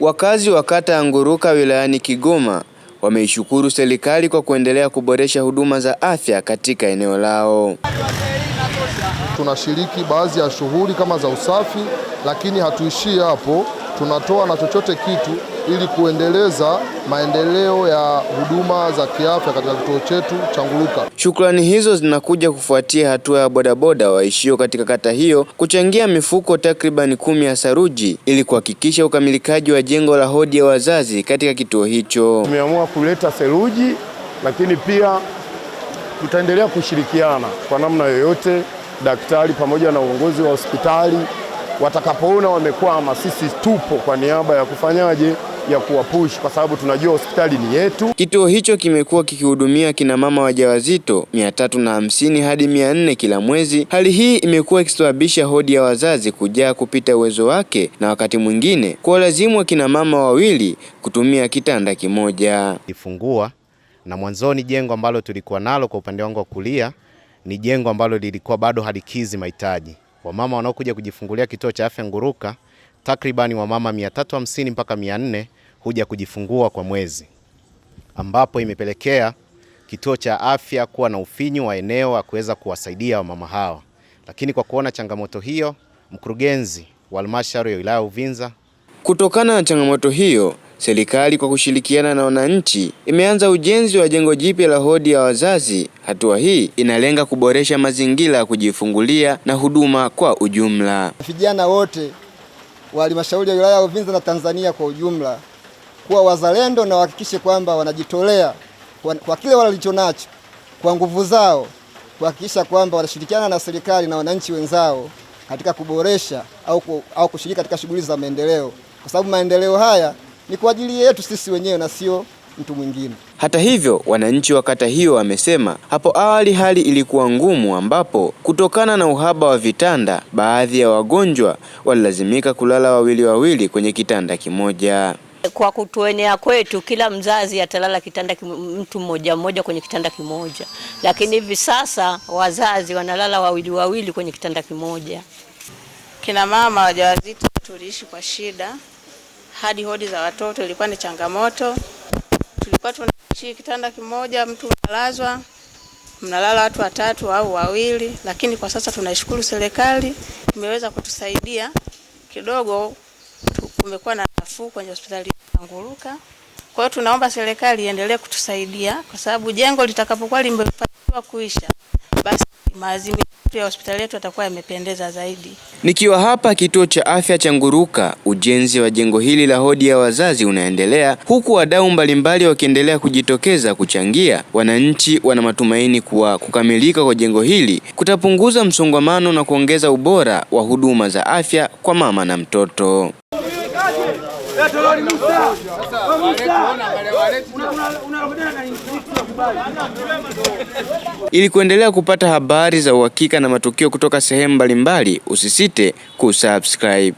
Wakazi wa kata ya Nguruka wilayani Kigoma wameishukuru serikali kwa kuendelea kuboresha huduma za afya katika eneo lao. Tunashiriki baadhi ya shughuli kama za usafi, lakini hatuishii hapo, tunatoa na chochote kitu ili kuendeleza maendeleo ya huduma za kiafya katika kituo chetu cha Nguluka. Shukrani hizo zinakuja kufuatia hatua ya bodaboda waishio katika kata hiyo kuchangia mifuko takribani kumi ya saruji ili kuhakikisha ukamilikaji wa jengo la hodi ya wazazi katika kituo hicho. Tumeamua kuleta seruji, lakini pia tutaendelea kushirikiana kwa namna yoyote, daktari pamoja na uongozi wa hospitali watakapoona wamekwama, sisi tupo kwa niaba ya kufanyaje ya kuwapush kwa sababu tunajua hospitali ni yetu. Kituo hicho kimekuwa kikihudumia kina mama wajawazito mia tatu na hamsini hadi mia nne kila mwezi. Hali hii imekuwa ikisababisha hodi ya wazazi kujaa kupita uwezo wake na wakati mwingine kuwalazimu kina mama wawili kutumia kitanda kimoja. Ifungua na mwanzoni, jengo ambalo tulikuwa nalo kwa upande wangu wa kulia ni jengo ambalo lilikuwa bado halikizi mahitaji wamama wanaokuja kujifungulia kituo cha afya Nguruka takribani wamama 350 mpaka 400 huja kujifungua kwa mwezi, ambapo imepelekea kituo cha afya kuwa na ufinyu wa eneo wa kuweza kuwasaidia wamama hawa. Lakini kwa kuona changamoto hiyo, mkurugenzi wa halmashauri ya wilaya Uvinza, kutokana na changamoto hiyo, serikali kwa kushirikiana na wananchi imeanza ujenzi wa jengo jipya la hodi ya wazazi. Hatua hii inalenga kuboresha mazingira ya kujifungulia na huduma kwa ujumla. Vijana wote wa halmashauri ya wilaya ya Uvinza na Tanzania kwa ujumla kuwa wazalendo na wahakikishe kwamba wanajitolea kwa, kwa kile walicho nacho kwa nguvu zao kuhakikisha kwamba wanashirikiana na serikali na wananchi wenzao katika kuboresha au, au kushiriki katika shughuli za maendeleo, kwa sababu maendeleo haya ni kwa ajili yetu sisi wenyewe na sio mtu mwingine. Hata hivyo, wananchi wa kata hiyo wamesema hapo awali hali ilikuwa ngumu, ambapo kutokana na uhaba wa vitanda, baadhi ya wagonjwa walilazimika kulala wawili wawili kwenye kitanda kimoja. Kwa kutuenea kwetu, kila mzazi atalala kitanda kim, mtu mmoja mmoja kwenye kitanda kimoja, lakini hivi sasa wazazi wanalala wawili wawili kwenye kitanda kimoja. Kina mama wajawazito tuliishi kwa shida, hadi hodi za watoto ilikuwa ni changamoto tulikuwa tunaishi kitanda kimoja, mtu unalazwa, mnalala watu watatu au wawili, lakini kwa sasa tunaishukuru serikali imeweza kutusaidia kidogo, kumekuwa na nafuu kwenye hospitali ya Nguruka. Kwa hiyo tunaomba serikali iendelee kutusaidia kwa sababu jengo litakapokuwa limepatiwa kuisha maazimio ya hospitali yetu yatakuwa yamependeza zaidi. Nikiwa hapa kituo cha afya cha Nguruka, ujenzi wa jengo hili la hodi ya wazazi unaendelea huku wadau mbalimbali wakiendelea kujitokeza kuchangia. Wananchi wana matumaini kuwa kukamilika kwa jengo hili kutapunguza msongamano na kuongeza ubora wa huduma za afya kwa mama na mtoto. Ili kuendelea kupata habari za uhakika na matukio kutoka sehemu mbalimbali, usisite kusubscribe.